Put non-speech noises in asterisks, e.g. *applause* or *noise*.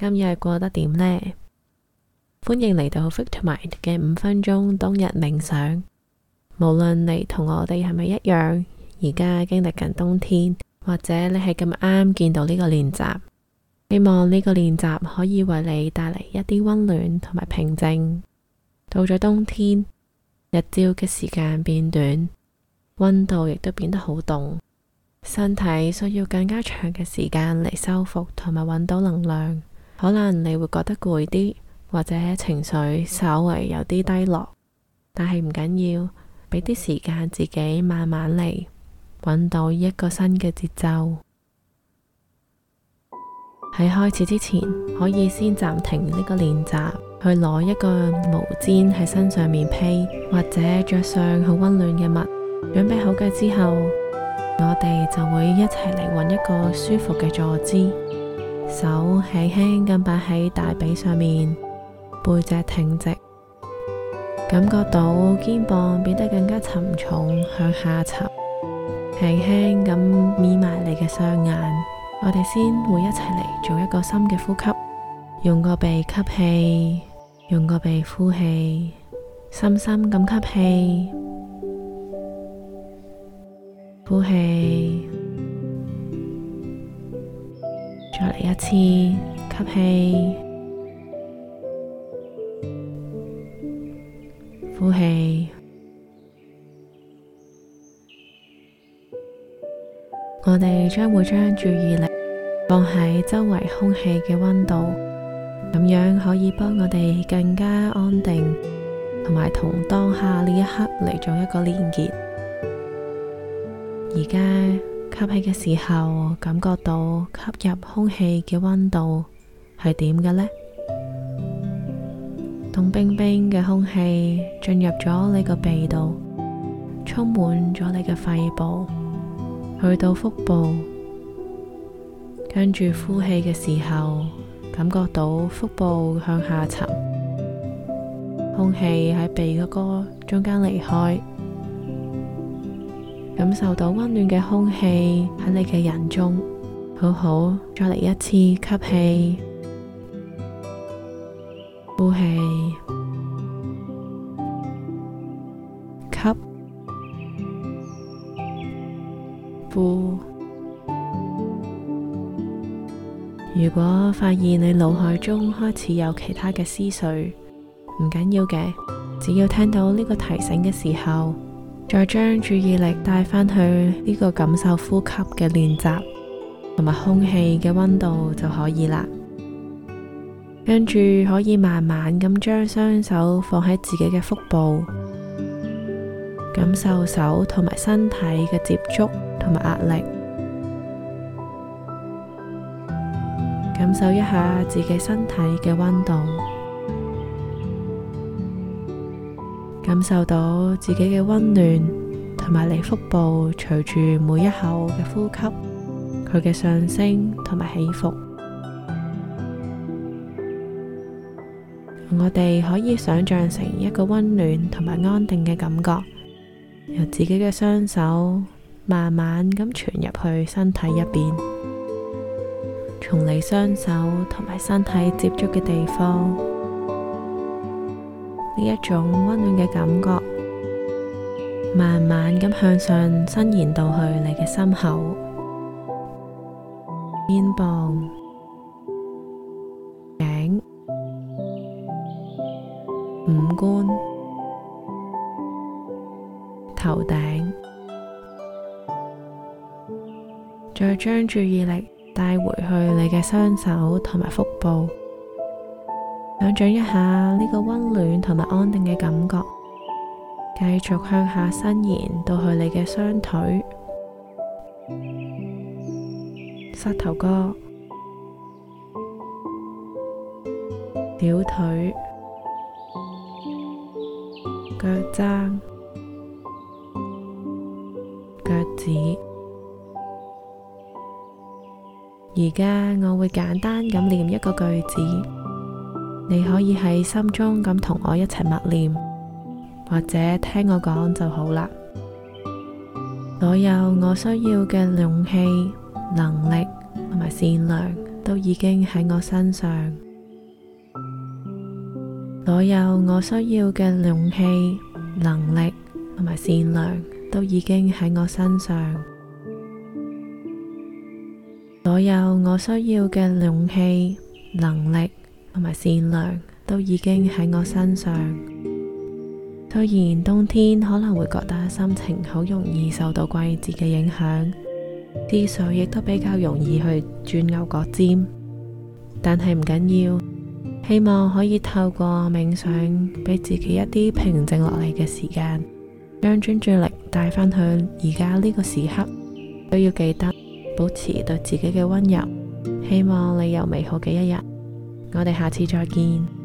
今日過得點呢？歡迎嚟到 FitMind 嘅五分鐘冬日冥想。無論你同我哋係咪一樣，而家經歷緊冬天，或者你係咁啱見到呢個練習，希望呢個練習可以為你帶嚟一啲溫暖同埋平靜。到咗冬天，日照嘅時間變短，溫度亦都變得好凍，身體需要更加長嘅時間嚟修復同埋搵到能量。可能你會覺得攰啲，或者情緒稍微有啲低落，但係唔緊要，畀啲時間自己慢慢嚟，揾到一個新嘅節奏。喺 *noise* 開始之前，可以先暫停呢個練習，去攞一個毛氈喺身上面披，或者着上好溫暖嘅襪。準備好嘅之後，我哋就會一齊嚟揾一個舒服嘅坐姿。手輕輕咁擺喺大髀上面，背脊挺直，感覺到肩膀變得更加沉重向下沉。輕輕咁眯埋你嘅雙眼，我哋先會一齊嚟做一個深嘅呼吸，用個鼻吸氣，用個鼻呼氣，深深咁吸氣，呼氣。嚟一次吸氣，呼氣。我哋將會將注意力放喺周圍空氣嘅溫度，咁樣可以幫我哋更加安定，同埋同當下呢一刻嚟做一個連結。而家。吸氣嘅時候，感覺到吸入空氣嘅溫度係點嘅呢？凍冰冰嘅空氣進入咗你個鼻度，充滿咗你嘅肺部，去到腹部。跟住呼氣嘅時候，感覺到腹部向下沉，空氣喺鼻哥中間離開。感受到溫暖嘅空氣喺你嘅人中，好好，再嚟一次。吸氣，呼氣，吸呼。如果發現你腦海中開始有其他嘅思緒，唔緊要嘅，只要聽到呢個提醒嘅時候。再將注意力帶返去呢個感受呼吸嘅練習，同埋空氣嘅溫度就可以啦。跟住可以慢慢咁將雙手放喺自己嘅腹部，感受手同埋身體嘅接觸同埋壓力，感受一下自己身體嘅溫度。感受到自己嘅溫暖，同埋你腹部隨住每一口嘅呼吸，佢嘅上升同埋起伏。我哋可以想象成一個溫暖同埋安定嘅感覺，由自己嘅雙手慢慢咁傳入去身體入邊，從你雙手同埋身體接觸嘅地方，呢一種溫暖嘅感覺，慢慢咁向上伸延到去你嘅心口、肩膀、頸頂、五官、頭頂頂、再將注意力帶回去你嘅雙手同埋腹部。想象一下呢個溫暖同埋安定嘅感覺，繼續向下伸延到去你嘅雙腿、膝頭哥、小腿、腳踭、腳趾。而家我會簡單咁念一個句子。你可以喺心中咁同我一齊默念，或者聽我講就好啦。所有我需要嘅勇氣、能力同埋善良都已經喺我身上。所有我需要嘅勇氣、能力同埋善良都已經喺我身上。所有我需要嘅勇氣、能力。同埋善良都已經喺我身上。雖然冬天可能會覺得心情好容易受到季節嘅影響，思緒亦都比較容易去轉牛角尖，但係唔緊要。希望可以透過冥想，俾自己一啲平靜落嚟嘅時間，將專注力帶返去而家呢個時刻。都要記得保持對自己嘅溫柔。希望你有美好嘅一日。我哋下次再見。